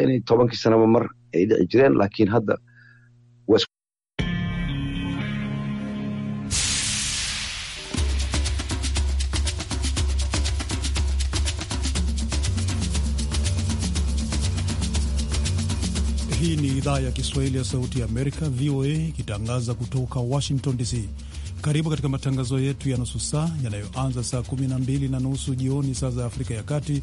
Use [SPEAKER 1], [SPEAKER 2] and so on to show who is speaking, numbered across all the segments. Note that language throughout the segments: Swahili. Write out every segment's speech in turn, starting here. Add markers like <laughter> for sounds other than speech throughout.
[SPEAKER 1] inay tobankii sanaba mar ay dhici jireen laakiin hadda
[SPEAKER 2] Hii ni idhaa ya Kiswahili ya Sauti ya Amerika, VOA, ikitangaza kutoka Washington DC. Karibu katika matangazo yetu ya nusu saa yanayoanza saa 12 na nusu jioni saa za Afrika ya Kati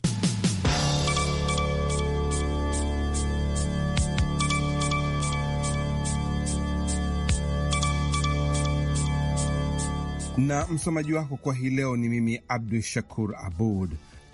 [SPEAKER 3] na msomaji wako kwa hii leo ni mimi Abdu Shakur Abud.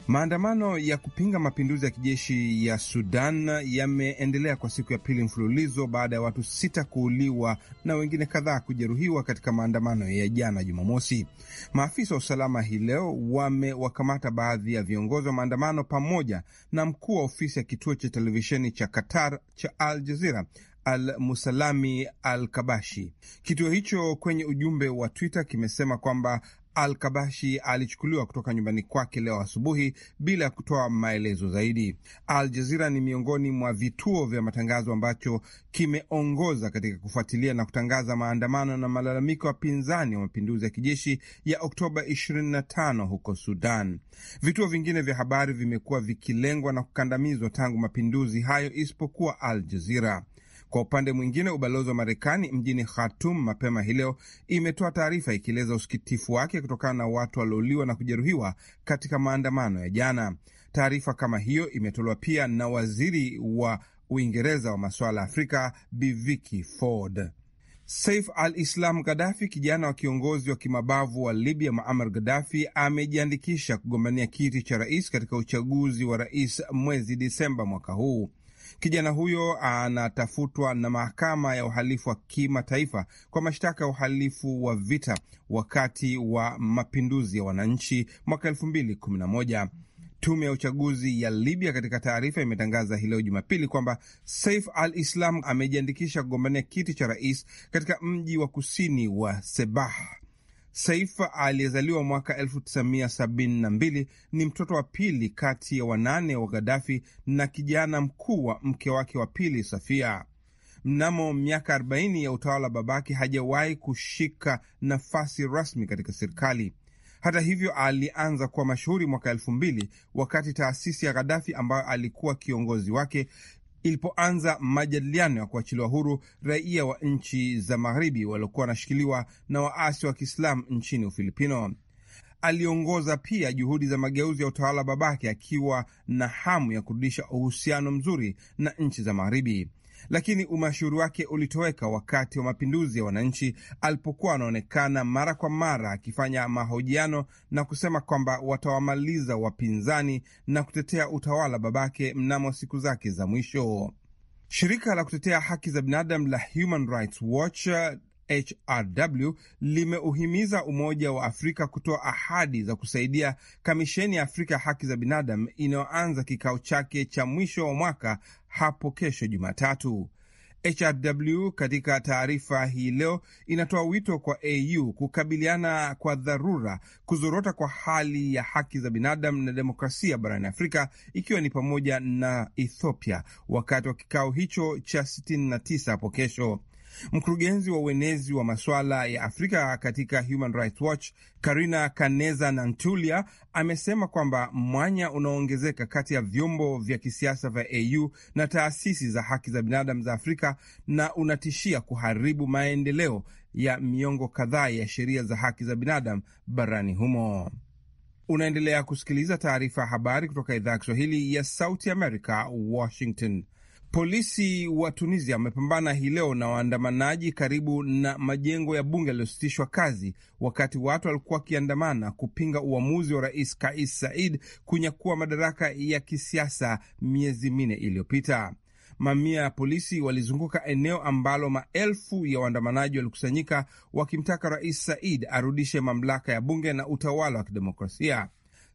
[SPEAKER 3] Maandamano ya kupinga mapinduzi ya kijeshi ya Sudan yameendelea kwa siku ya pili mfululizo baada ya watu sita kuuliwa na wengine kadhaa kujeruhiwa katika maandamano ya jana Jumamosi. Maafisa wa usalama hii leo wamewakamata baadhi ya viongozi wa maandamano pamoja na mkuu wa ofisi ya kituo cha televisheni cha Qatar cha Al Jazira Al Musalami Al Kabashi. Kituo hicho kwenye ujumbe wa Twitter kimesema kwamba Al Kabashi alichukuliwa kutoka nyumbani kwake leo asubuhi bila ya kutoa maelezo zaidi. Al Jazira ni miongoni mwa vituo vya matangazo ambacho kimeongoza katika kufuatilia na kutangaza maandamano na malalamiko ya pinzani wa mapinduzi ya kijeshi ya Oktoba 25 huko Sudan. Vituo vingine vya habari vimekuwa vikilengwa na kukandamizwa tangu mapinduzi hayo isipokuwa Al Jazira. Kwa upande mwingine, ubalozi wa Marekani mjini khatum mapema hii leo imetoa taarifa ikieleza usikitifu wake kutokana na watu waliouliwa na kujeruhiwa katika maandamano ya jana. Taarifa kama hiyo imetolewa pia na waziri wa Uingereza wa masuala ya Afrika Biviki Ford. Saif al-Islam Gaddafi, kijana wa kiongozi wa kimabavu wa Libya Muammar Gaddafi, amejiandikisha kugombania kiti cha rais katika uchaguzi wa rais mwezi Disemba mwaka huu. Kijana huyo anatafutwa na mahakama ya uhalifu wa kimataifa kwa mashtaka ya uhalifu wa vita wakati wa mapinduzi ya wananchi mwaka moja. Tume ya uchaguzi ya Libya katika taarifa imetangaza hii leo Jumapili kwamba Saif al-Islam amejiandikisha kugombania kiti cha rais katika mji wa kusini wa Sebah. Saifa aliyezaliwa mwaka 1972 ni mtoto wa pili kati ya wanane wa Ghadafi na kijana mkuu wa mke wake wa pili Safia. Mnamo miaka 40 ya utawala wa babake hajawahi kushika nafasi rasmi katika serikali. Hata hivyo, alianza kuwa mashuhuri mwaka elfu mbili wakati taasisi ya Ghadafi ambayo alikuwa kiongozi wake ilipoanza majadiliano ya kuachiliwa huru raia wa nchi za magharibi waliokuwa wanashikiliwa na waasi wa Kiislamu nchini Ufilipino. Aliongoza pia juhudi za mageuzi ya utawala wa babake, akiwa na hamu ya kurudisha uhusiano mzuri na nchi za magharibi lakini umashuhuri wake ulitoweka wakati wa mapinduzi ya wananchi alipokuwa anaonekana mara kwa mara akifanya mahojiano na kusema kwamba watawamaliza wapinzani na kutetea utawala babake mnamo siku zake za mwisho. Shirika la kutetea haki za binadamu la Human Rights Watch HRW limeuhimiza Umoja wa Afrika kutoa ahadi za kusaidia Kamisheni ya Afrika ya Haki za Binadamu inayoanza kikao chake cha mwisho wa mwaka hapo kesho Jumatatu. HRW katika taarifa hii leo inatoa wito kwa AU kukabiliana kwa dharura kuzorota kwa hali ya haki za binadamu na demokrasia barani Afrika ikiwa ni pamoja na Ethiopia wakati wa kikao hicho cha 69 hapo kesho. Mkurugenzi wa uenezi wa masuala ya Afrika katika Human Rights Watch Karina Kaneza Nantulia amesema kwamba mwanya unaoongezeka kati ya vyombo vya kisiasa vya AU na taasisi za haki za binadamu za Afrika na unatishia kuharibu maendeleo ya miongo kadhaa ya sheria za haki za binadamu barani humo. Unaendelea kusikiliza taarifa ya habari kutoka idhaa ya Kiswahili ya Sauti america Washington. Polisi wa Tunisia wamepambana hii leo na waandamanaji karibu na majengo ya bunge yaliyositishwa kazi wakati watu walikuwa wakiandamana kupinga uamuzi wa Rais Kais Saied kunyakua madaraka ya kisiasa miezi minne iliyopita. Mamia ya polisi walizunguka eneo ambalo maelfu ya waandamanaji walikusanyika wakimtaka Rais Saied arudishe mamlaka ya bunge na utawala wa kidemokrasia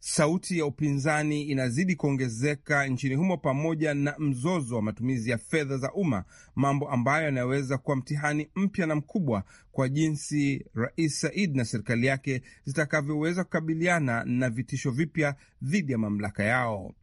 [SPEAKER 3] sauti ya upinzani inazidi kuongezeka nchini humo, pamoja na mzozo wa matumizi ya fedha za umma, mambo ambayo yanaweza kuwa mtihani mpya na mkubwa kwa jinsi Rais Said na serikali yake zitakavyoweza kukabiliana na vitisho vipya dhidi ya mamlaka yao.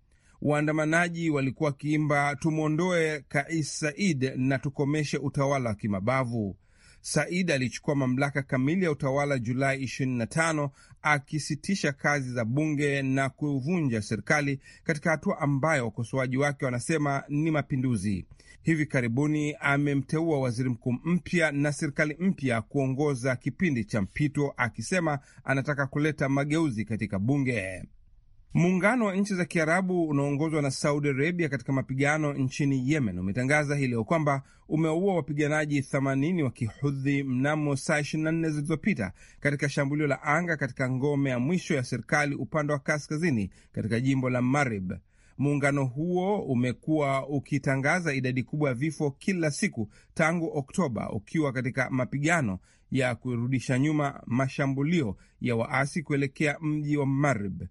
[SPEAKER 3] Waandamanaji walikuwa wakiimba tumwondoe Kais Said na tukomeshe utawala wa kimabavu. Said alichukua mamlaka kamili ya utawala Julai 25 akisitisha kazi za bunge na kuvunja serikali katika hatua ambayo wakosoaji wake wanasema ni mapinduzi. Hivi karibuni amemteua waziri mkuu mpya na serikali mpya kuongoza kipindi cha mpito, akisema anataka kuleta mageuzi katika bunge. Muungano wa nchi za Kiarabu unaoongozwa na Saudi Arabia katika mapigano nchini Yemen umetangaza hii leo kwamba umeua wapiganaji 80 wa Kihudhi mnamo saa 24 zilizopita katika shambulio la anga katika ngome ya mwisho ya serikali upande wa kaskazini katika jimbo la Marib. Muungano huo umekuwa ukitangaza idadi kubwa ya vifo kila siku tangu Oktoba, ukiwa katika mapigano ya kurudisha nyuma mashambulio ya waasi kuelekea mji wa Marib.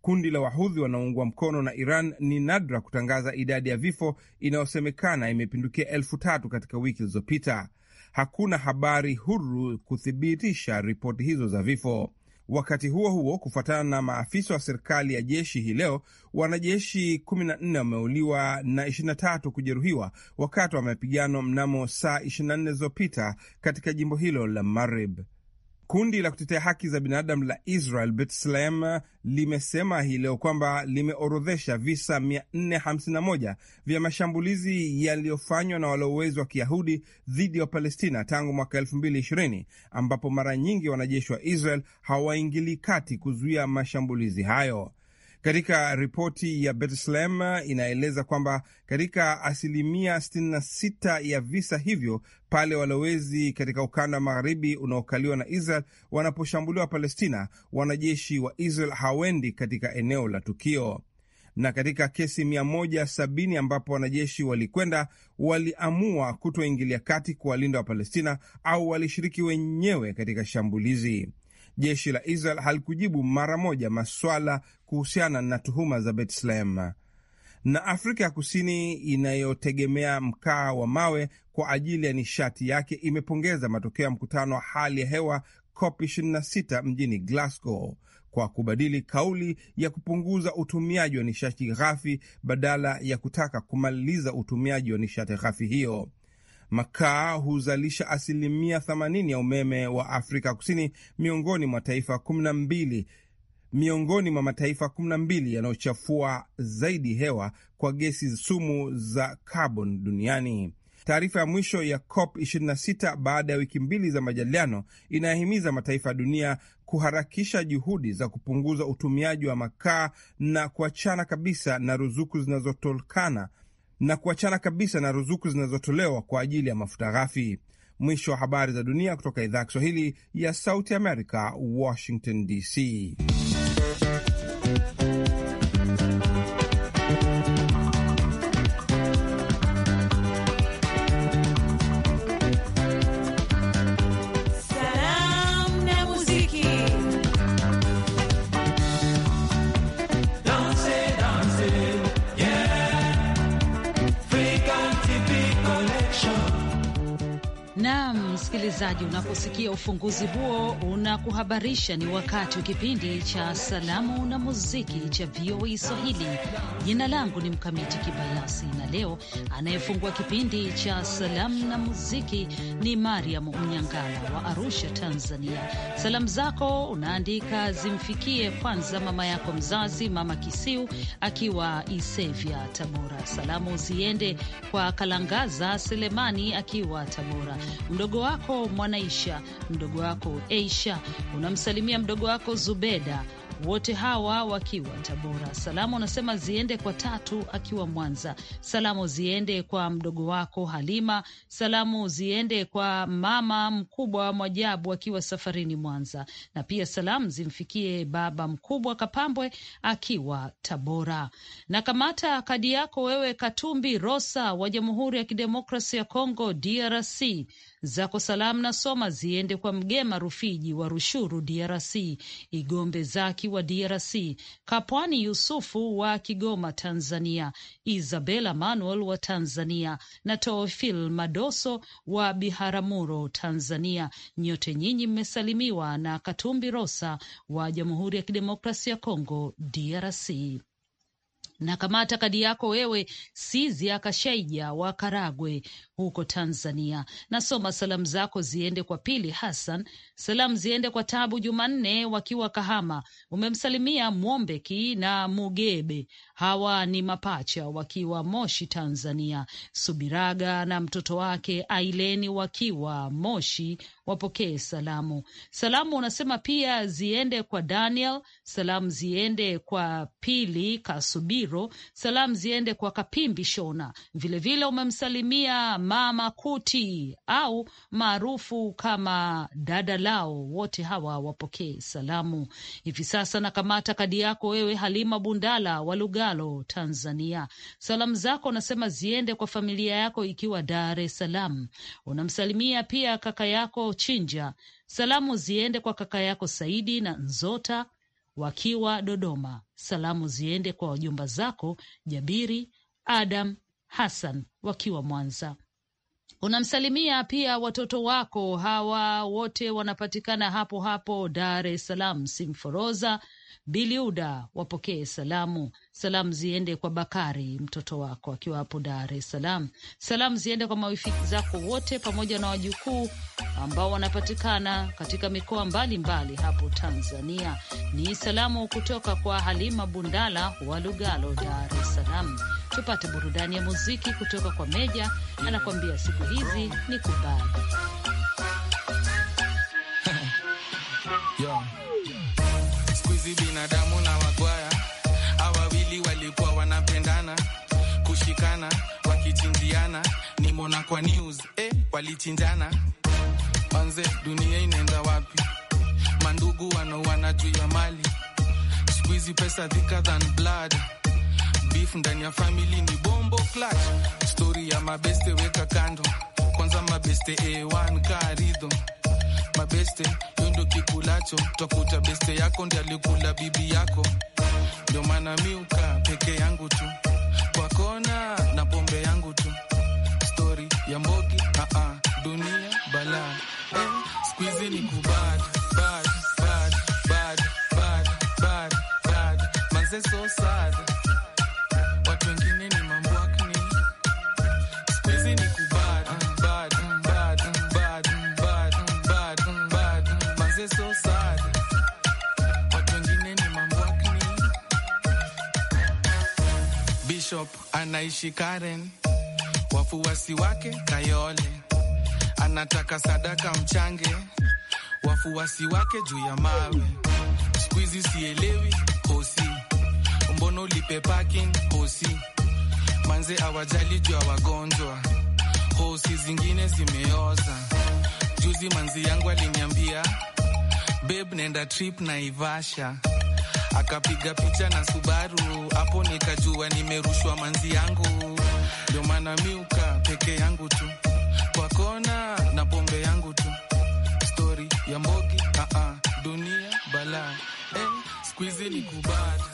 [SPEAKER 3] Kundi la wahudhi wanaoungwa mkono na Iran ni nadra kutangaza idadi ya vifo inayosemekana imepindukia elfu tatu katika wiki zilizopita. Hakuna habari huru kuthibitisha ripoti hizo za vifo. Wakati huo huo, kufuatana na maafisa wa serikali ya jeshi hii leo, wanajeshi 14 wameuliwa na 23 kujeruhiwa wakati wa mapigano mnamo saa 24 zilizopita katika jimbo hilo la Marib. Kundi la kutetea haki za binadamu la Israel B'Tselem limesema hii leo kwamba limeorodhesha visa 451 vya mashambulizi yaliyofanywa na walowezi wa Kiyahudi dhidi ya wapalestina tangu mwaka 2020 ambapo mara nyingi wanajeshi wa Israel hawaingili kati kuzuia mashambulizi hayo. Katika ripoti ya Bethlehem eh, inaeleza kwamba katika asilimia 66 ya visa hivyo, pale walowezi katika ukanda wa magharibi unaokaliwa na Israel wanaposhambuliwa Palestina, wanajeshi wa Israel hawendi katika eneo la tukio na katika kesi 170 ambapo wanajeshi walikwenda, waliamua kutoingilia kati kuwalinda Wapalestina au walishiriki wenyewe katika shambulizi jeshi la Israel halikujibu mara moja maswala kuhusiana na tuhuma za Bethlehem. Na Afrika ya Kusini inayotegemea mkaa wa mawe kwa ajili ya nishati yake imepongeza matokeo ya mkutano wa hali ya hewa COP 26 mjini Glasgow kwa kubadili kauli ya kupunguza utumiaji wa nishati ghafi badala ya kutaka kumaliza utumiaji wa nishati ghafi hiyo. Makaa huzalisha asilimia 80 ya umeme wa Afrika Kusini, miongoni mwa taifa 12 miongoni mwa mataifa 12 yanayochafua zaidi hewa kwa gesi sumu za carbon duniani. Taarifa ya mwisho ya COP 26 baada ya wiki mbili za majadiliano inayahimiza mataifa ya dunia kuharakisha juhudi za kupunguza utumiaji wa makaa na kuachana kabisa na ruzuku zinazotokana na kuachana kabisa na ruzuku zinazotolewa kwa ajili ya mafuta ghafi. Mwisho wa habari za dunia kutoka idhaa ya Kiswahili ya Sauti Amerika, Washington DC.
[SPEAKER 4] msikilizaji, unaposikia ufunguzi huo unakuhabarisha ni wakati wa kipindi cha salamu na muziki cha VOA e Swahili. Jina langu ni Mkamiti Kibayasi, na leo anayefungua kipindi cha salamu na muziki ni Mariam Mnyangala wa Arusha, Tanzania. Salamu zako unaandika zimfikie kwanza mama yako mzazi, Mama Kisiu akiwa Isevya, Tabora. Salamu ziende kwa Kalangaza Selemani akiwa Tabora, mdogo wako wako Mwanaisha, mdogo wako Aisha, unamsalimia mdogo wako Zubeda, wote hawa wakiwa Tabora. Salamu unasema ziende kwa Tatu akiwa Mwanza. Salamu ziende kwa mdogo wako Halima. Salamu ziende kwa mama mkubwa wa Mwajabu akiwa safarini Mwanza, na pia salamu zimfikie baba mkubwa Kapambwe akiwa Tabora. Na kamata kadi yako wewe Katumbi Rosa wa Jamhuri ya Kidemokrasi ya Kongo, DRC zako salamu na soma ziende kwa Mgema Rufiji wa Rushuru DRC, Igombe Zaki wa DRC, Kapwani Yusufu wa Kigoma Tanzania, Isabela Manuel wa Tanzania na Teofil Madoso wa biharamuro Tanzania. Nyote nyinyi mmesalimiwa na Katumbi Rosa wa Jamhuri ya Kidemokrasia ya Kongo DRC na kamata kadi yako wewe, Sizia Kashaija wa Karagwe huko Tanzania. Nasoma salamu zako ziende kwa Pili Hassan, salamu ziende kwa Tabu Jumanne wakiwa Kahama. Umemsalimia Mwombeki na Mugebe, hawa ni mapacha wakiwa Moshi Tanzania, Subiraga na mtoto wake Aileni wakiwa Moshi wapokee salamu. Salamu unasema pia ziende kwa Daniel, salamu ziende kwa Pili Kasubiro, salamu ziende kwa Kapimbi Shona. Vilevile umemsalimia Mama Kuti au maarufu kama dada lao, wote hawa wapokee salamu. Hivi sasa nakamata kadi yako wewe, Halima Bundala wa Lugalo, Tanzania. Salamu zako unasema ziende kwa familia yako ikiwa Dar es Salaam. Unamsalimia pia kaka yako Ochinja, salamu ziende kwa kaka yako Saidi na Nzota wakiwa Dodoma. Salamu ziende kwa wajumba zako Jabiri, Adam, Hassan wakiwa Mwanza. Unamsalimia pia watoto wako hawa wote wanapatikana hapo hapo Dar es Salaam, Simforoza Biliuda wapokee salamu. Salamu ziende kwa Bakari mtoto wako akiwa hapo Dar es Salaam. Salamu ziende kwa mawifiki zako wote pamoja na wajukuu ambao wanapatikana katika mikoa mbalimbali hapo Tanzania. Ni salamu kutoka kwa Halima Bundala wa Lugalo, Dar es Salaam. Tupate burudani ya muziki kutoka kwa Meja, anakuambia siku hizi ni kubali.
[SPEAKER 5] <laughs> mapenzi, binadamu na wagwaya awawili walikuwa wanapendana kushikana, wakichinjiana ni mona news eh, walichinjana anze, dunia inaenda wapi? Mandugu wanauana juu ya mali, siku hizi pesa thicker than blood beef ndani ya family ni bombo clutch. Story ya mabeste weka kando kwanza, mabeste A1 karido kama beste yondo kikulacho takuta beste yako ndi alikula bibi yako, ndio maana miuka peke yangu tu kwa kona na pombe yangu tu, stori ya Mbogi a a dunia bala eh, squeeze ni kubad bad bad bad bad bad bad manze so sad Bishop anaishi Karen, wafuasi wake Kayole anataka sadaka mchange wafuasi wake juu ya mawe. Squeezy sielewi hosi mbono lipe parking kosi, manze awajali juu ya wagonjwa hosi zingine zimeoza. Juzi manzi yangu aliniambia babe, nenda trip na Ivasha akapiga picha na Subaru, hapo nikajua nimerushwa manzi yangu. Ndio maana miuka peke yangu tu kwa kona na pombe yangu tu, stori ya Mbogi. Ah, ah, dunia balaa eh, squeeze ni kubata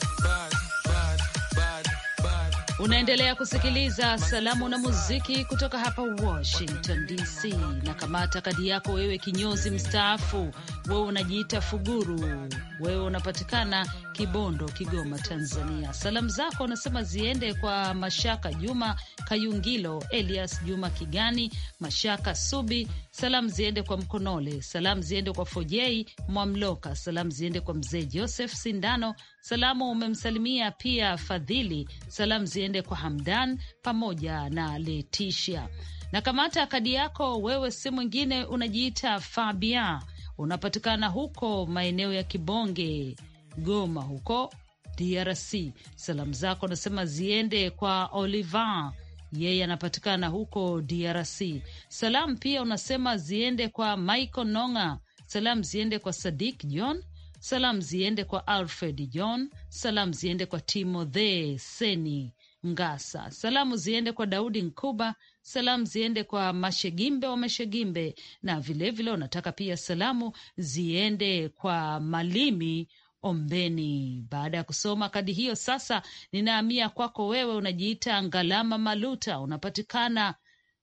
[SPEAKER 4] Unaendelea kusikiliza salamu na muziki kutoka hapa Washington DC, na kamata kadi yako wewe, kinyozi mstaafu, wewe unajiita Fuguru, wewe unapatikana Kibondo, Kigoma, Tanzania. Salamu zako unasema ziende kwa Mashaka Juma Kayungilo, Elias Juma Kigani, Mashaka Subi. Salamu ziende kwa Mkonole, salamu ziende kwa Fojei Mwamloka, salamu ziende kwa mzee Joseph Sindano Salamu umemsalimia pia Fadhili. Salamu ziende kwa Hamdan pamoja na Letisha. na kamata kadi yako. Wewe si mwingine, unajiita Fabia, unapatikana huko maeneo ya Kibonge, Goma huko DRC. Salamu zako nasema ziende kwa olivan yeye anapatikana huko DRC. Salamu pia unasema ziende kwa Michael Nonga. Salamu ziende kwa Sadik John Salamu ziende kwa Alfred John, salamu ziende kwa Timothe Seni Ngasa, salamu ziende kwa Daudi Nkuba, salamu ziende kwa Mashegimbe wa Mashegimbe, na vilevile unataka vile pia salamu ziende kwa Malimi Ombeni. Baada ya kusoma kadi hiyo, sasa ninahamia kwako wewe, unajiita Ngalama Maluta, unapatikana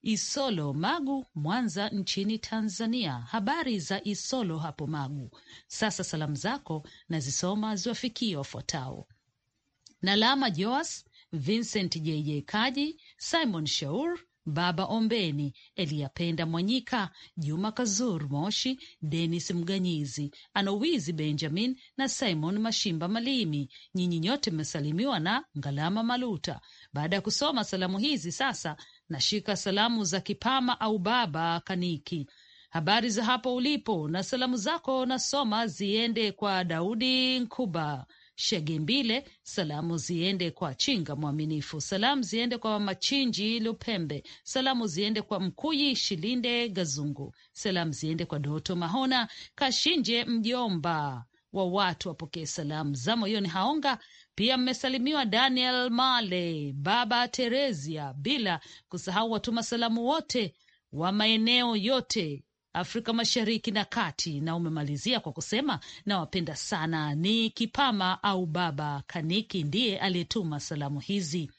[SPEAKER 4] Isolo Magu, Mwanza nchini Tanzania. Habari za Isolo hapo Magu. Sasa salamu zako nazisoma ziwafikie wafuatao: Nalama Joas, Vincent JJ Kaji, Simon Shaur, Baba Ombeni, Eliyapenda Mwanyika, Juma Kazur Moshi, Denis Mganyizi, Anowizi Benjamin na Simon Mashimba Malimi. Nyinyi nyote mmesalimiwa na Ngalama Maluta. Baada ya kusoma salamu hizi, sasa Nashika salamu za Kipama au Baba Kaniki. Habari za hapo ulipo na salamu zako nasoma ziende kwa Daudi Nkuba Shegembile, salamu ziende kwa Chinga Mwaminifu, salamu ziende kwa Machinji Lupembe, salamu ziende kwa Mkuyi Shilinde Gazungu, salamu ziende kwa Doto Mahona Kashinje, mjomba wa watu wapokee salamu za moyoni. Haonga pia mmesalimiwa Daniel Male, Baba Teresia, bila kusahau watuma salamu wote wa maeneo yote Afrika Mashariki na Kati, na umemalizia kwa kusema nawapenda sana. Ni Kipama au Baba Kaniki ndiye aliyetuma salamu hizi.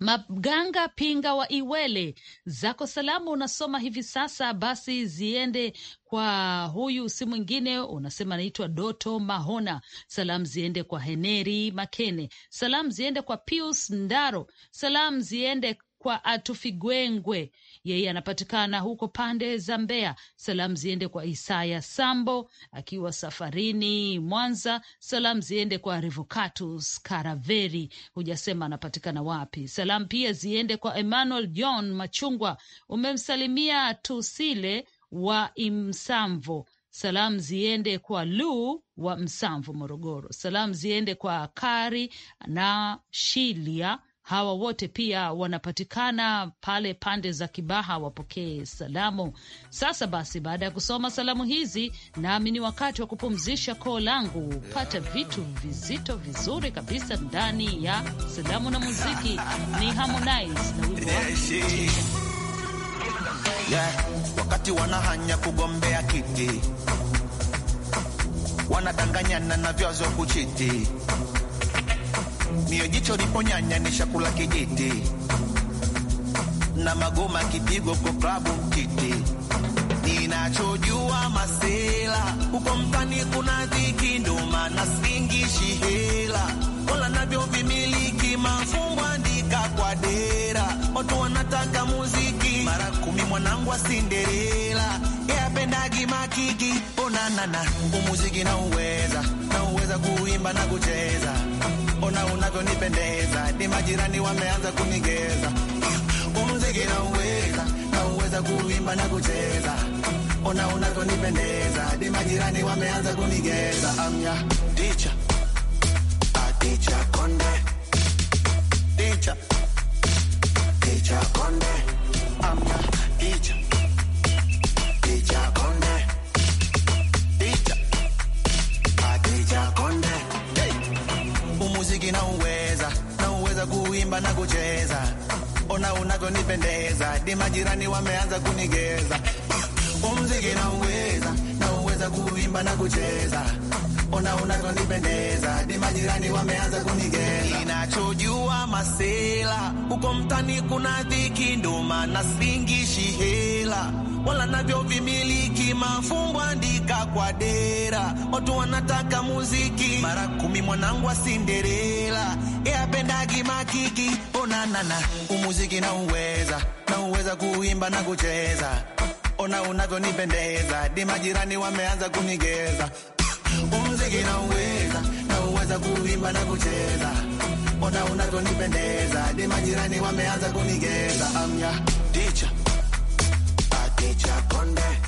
[SPEAKER 4] Maganga Pinga wa Iwele, zako salamu unasoma hivi sasa, basi ziende kwa huyu, si mwingine, unasema anaitwa Doto Mahona. Salamu ziende kwa Heneri Makene, salamu ziende kwa Pius Ndaro, salamu ziende kwa Atufigwengwe, yeye anapatikana huko pande za Mbeya. Salamu ziende kwa Isaya Sambo akiwa safarini Mwanza. Salamu ziende kwa Revocatus Karaveri, hujasema anapatikana wapi. Salamu pia ziende kwa Emmanuel John Machungwa, umemsalimia Tusile wa Imsamvo. Salamu ziende kwa Lu wa Msamvu, Morogoro. Salamu ziende kwa Kari na Shilia Hawa wote pia wanapatikana pale pande za Kibaha, wapokee salamu sasa. Basi, baada ya kusoma salamu hizi, nami ni wakati wa kupumzisha koo langu, pata vitu vizito vizuri kabisa ndani ya salamu na muziki. Ni Harmonize na
[SPEAKER 1] wimbo yeah, wakati wanahanya kugombea kiti, wanadanganyana na vyazo kuchiti mio jicho nyanya ni shakula kijiti na magoma kipigo kwa klabu mtiti. Ninachojua masela huko mtani kuna dhiki, ndo maana singishi hela wala navyo vimiliki mafungu andika kwa dera, watu wanataka muziki mara kumi. Mwanangu wa Cinderella yapendagi makiki onanana umuziki na uweza na uweza kuimba na kucheza ona unavyonipendeza, ni majirani wameanza kunigeza. Umziki nauweza, nauweza kuimba na kucheza, ona unavyonipendeza, ni majirani wameanza kunigeza. Amya ticha aticha konde ticha ticha konde amya ticha kupendeza di majirani wameanza kunigeza umziki na uweza na uweza kuimba na kucheza ona unavyonipendeza di majirani wameanza kunigeza inachojua masela uko mtani kuna dhiki ndo maana singishi hela wala navyo vimiliki. Mafumbo andika kwa dera, watu wanataka muziki mara kumi. Mwanangu wa Cinderella eapendagi makiki, onanana umuziki na uweza na uweza kuimba na kucheza, ona unavyonipendeza, di majirani wameanza kunigeza. Umuziki na uweza na uweza kuimba na kucheza, ona unavyonipendeza, di majirani wameanza kunigeza amya day.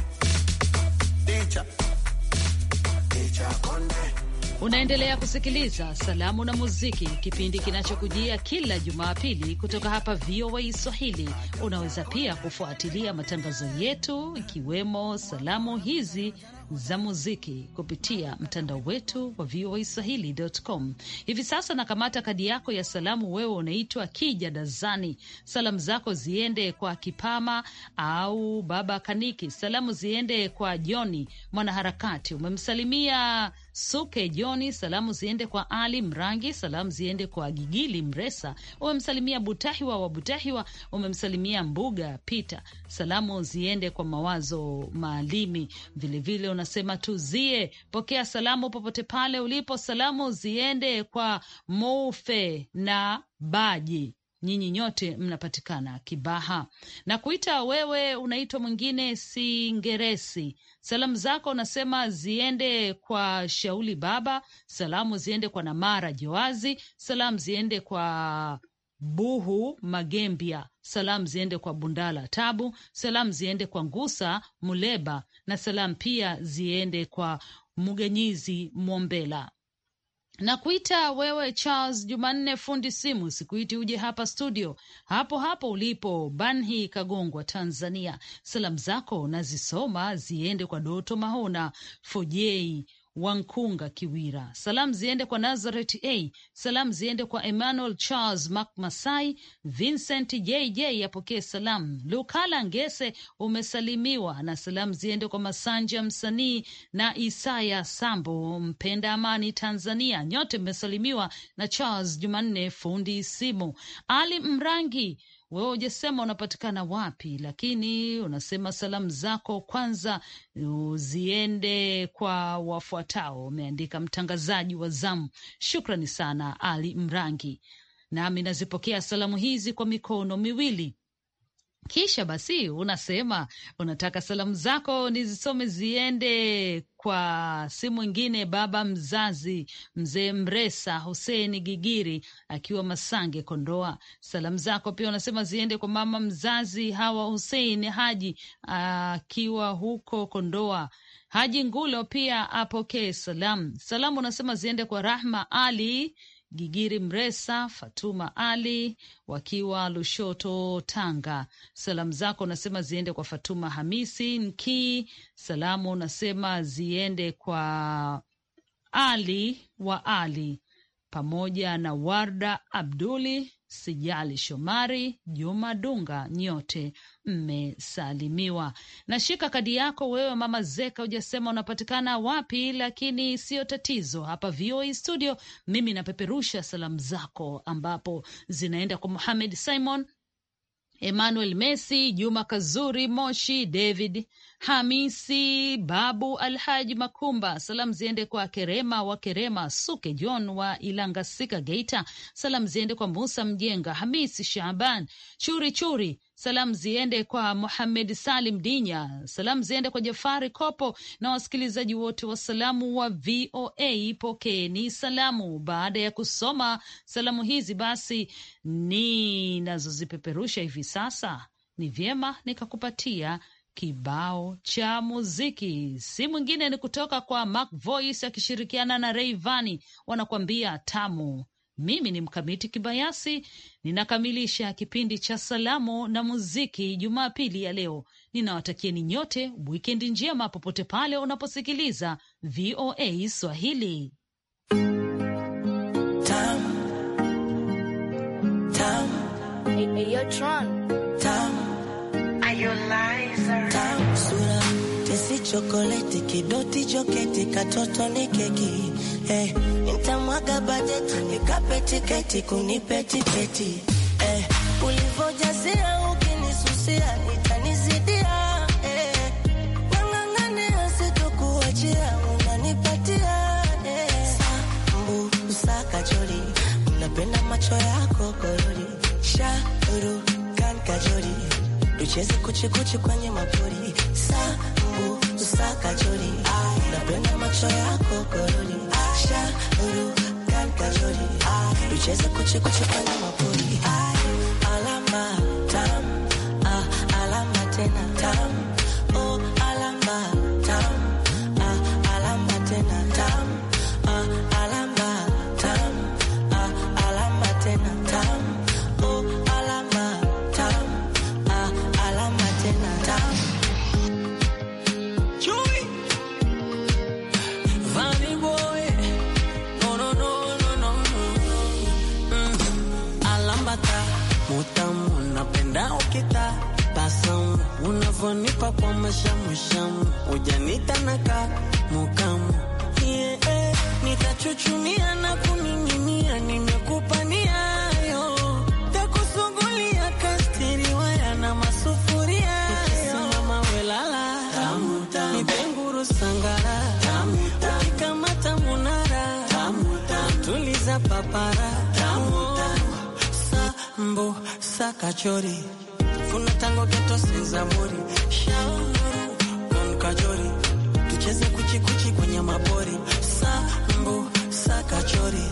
[SPEAKER 4] Unaendelea kusikiliza salamu na muziki, kipindi kinachokujia kila Jumapili kutoka hapa VOA Swahili. Unaweza pia kufuatilia matangazo yetu ikiwemo salamu hizi za muziki kupitia mtandao wetu wa voa swahilicom Hivi sasa nakamata kadi yako ya salamu. Wewe unaitwa Kija Dazani. Salamu zako ziende kwa Kipama au Baba Kaniki. Salamu ziende kwa Joni mwanaharakati. Umemsalimia Suke Joni, salamu ziende kwa Ali Mrangi, salamu ziende kwa Gigili Mresa, umemsalimia Butahiwa wa Butahiwa, umemsalimia Mbuga pita salamu ziende kwa Mawazo Maalimi, vilevile unasema tuzie, pokea salamu popote pale ulipo, salamu ziende kwa Mufe na Baji nyinyi nyote mnapatikana Kibaha na kuita wewe unaitwa mwingine Singeresi. Salamu zako unasema ziende kwa Shauli Baba, salamu ziende kwa Namara Joazi, salamu ziende kwa Buhu Magembia, salamu ziende kwa Bundala Tabu, salamu ziende kwa Ngusa Muleba na salamu pia ziende kwa Mugenyizi Mwombela na kuita wewe Charles Jumanne fundi simu, sikuiti uje hapa studio, hapo hapo ulipo Banhi, Kagongwa, Tanzania. Salamu zako nazisoma ziende kwa Doto Mahona Fojei Wankunga Kiwira. Salamu ziende kwa Nazaret A. Salamu ziende kwa Emmanuel Charles Mac Masai, Vincent JJ apokee salamu. Lukala Ngese umesalimiwa na salamu ziende kwa Masanja msanii na Isaya Sambo mpenda amani Tanzania. Nyote mmesalimiwa na Charles Jumanne fundi simu, Ali Mrangi wewe hujasema unapatikana wapi, lakini unasema salamu zako kwanza ziende kwa wafuatao, umeandika mtangazaji wa zamu. Shukrani sana Ali Mrangi, nami nazipokea salamu hizi kwa mikono miwili. Kisha basi unasema unataka salamu zako nizisome ziende kwa si mwingine baba mzazi mzee Mresa Huseni Gigiri akiwa Masange, Kondoa. Salamu zako pia unasema ziende kwa mama mzazi Hawa Husein Haji akiwa huko Kondoa. Haji Ngulo pia apokee salamu. Salamu unasema ziende kwa Rahma Ali Gigiri Mresa, Fatuma Ali wakiwa Lushoto, Tanga. Salamu zako unasema ziende kwa Fatuma Hamisi Nkii. Salamu unasema ziende kwa Ali wa Ali pamoja na Warda Abduli Sijali Shomari, Juma Dunga, nyote mmesalimiwa. Nashika kadi yako wewe, Mama Zeka, hujasema unapatikana wapi, lakini siyo tatizo. Hapa VOA e studio mimi napeperusha salamu zako, ambapo zinaenda kwa Muhamed Simon Emmanuel Messi, Juma Kazuri Moshi, David Hamisi, Babu Alhaji Makumba. Salamu ziende kwa Kerema wa Kerema, Suke John wa Ilangasika Geita. Salamu ziende kwa Musa Mjenga, Hamisi Shaban Churi Churi Salamu ziende kwa muhamed Salim Dinya, salamu ziende kwa Jafari Kopo na wasikilizaji wote wa salamu wa VOA. Pokeeni salamu. Baada ya kusoma salamu hizi, basi ninazozipeperusha hivi sasa, ni vyema nikakupatia kibao cha muziki, si mwingine ni kutoka kwa Mac Voice akishirikiana na Rayvanny, wanakuambia tamu mimi ni Mkamiti Kibayasi, ninakamilisha kipindi cha salamu na muziki Jumapili ya leo. Ninawatakieni nyote wikendi njema popote pale unaposikiliza VOA Swahili.
[SPEAKER 6] chokoleti kidoti joketi katoto ni keki eh, nitamwaga bajeti nikape tiketi kunipe tiketi eh, ulivojazia ukinisusia nitanizidia eh, asitokuachia unanipatia eh, unapenda macho yako korori tucheze kuchikuchi kwenye mapori macho yako Ah. Ah. Alama kutoka kwa mashamushamu, ujanita na kamukamu yeah, eh, nitachuchunia na kuning'inia, nimekupaniayo takusugulia kastiriwaya na masufuria kisimama welala nitenguru sangara ukikamata munara tuliza papara sambo sakachori kuna tango geto shauru konkajori tucheze kuchikuchi kwenye mabori sambu sakachori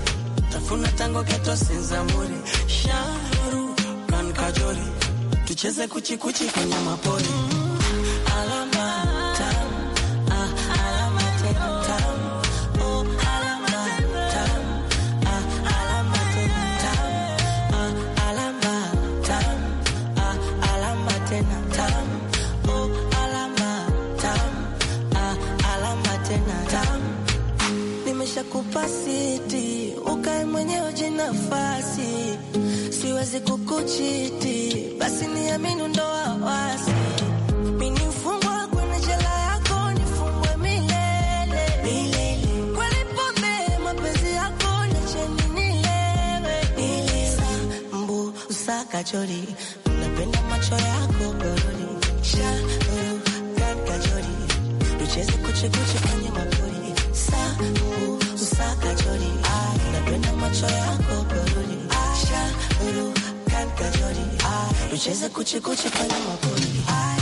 [SPEAKER 6] tafuna tango geto senzamuri shauru konkajori tucheze kuchikuchi kwenye mabori nakupa siti, ukae mwenyewe jinafasi, siwezi kukuchiti, basi niamini ndo awasi Kachori, napenda macho yako gorori, shauru kachori, tucheze kuchikuchi kwenye mapori Tucheze kuchi kuchi pale mapori.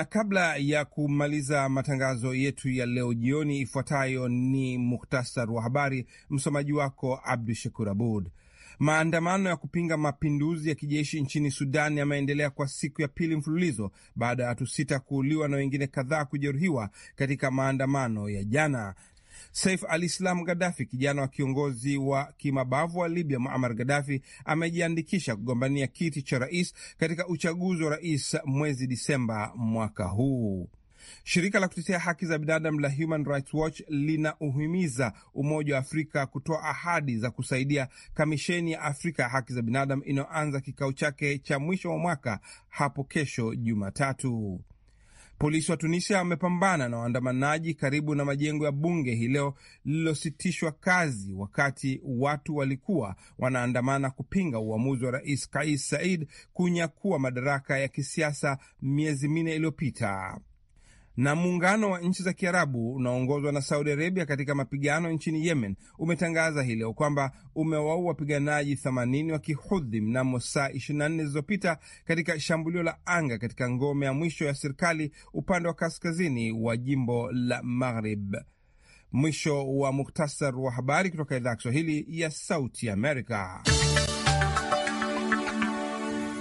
[SPEAKER 3] Na kabla ya kumaliza matangazo yetu ya leo jioni, ifuatayo ni muhtasar wa habari. Msomaji wako Abdu Shakur Abud. Maandamano ya kupinga mapinduzi ya kijeshi nchini Sudan yameendelea kwa siku ya pili mfululizo baada ya watu sita kuuliwa na wengine kadhaa kujeruhiwa katika maandamano ya jana Saif al-Islam Gaddafi, kijana wa kiongozi wa kimabavu wa Libya Muammar Gaddafi, amejiandikisha kugombania kiti cha rais katika uchaguzi wa rais mwezi Disemba mwaka huu. Shirika la kutetea haki za binadamu la Human Rights Watch linauhimiza Umoja wa Afrika kutoa ahadi za kusaidia Kamisheni ya Afrika ya Haki za Binadamu inayoanza kikao chake cha mwisho wa mwaka hapo kesho Jumatatu. Polisi wa Tunisia wamepambana na waandamanaji karibu na majengo ya bunge hii leo lililositishwa kazi wakati watu walikuwa wanaandamana kupinga uamuzi wa Rais Kais Saied kunyakua madaraka ya kisiasa miezi minne iliyopita na muungano wa nchi za Kiarabu unaoongozwa na Saudi Arabia katika mapigano nchini Yemen umetangaza hii leo kwamba umewaua wapiganaji 80 wa Kihudhi mnamo saa 24 zilizopita katika shambulio la anga katika ngome ya mwisho ya serikali upande wa kaskazini wa jimbo la Maghrib. Mwisho wa muktasar wa habari kutoka idhaa ya Kiswahili ya Sauti Amerika.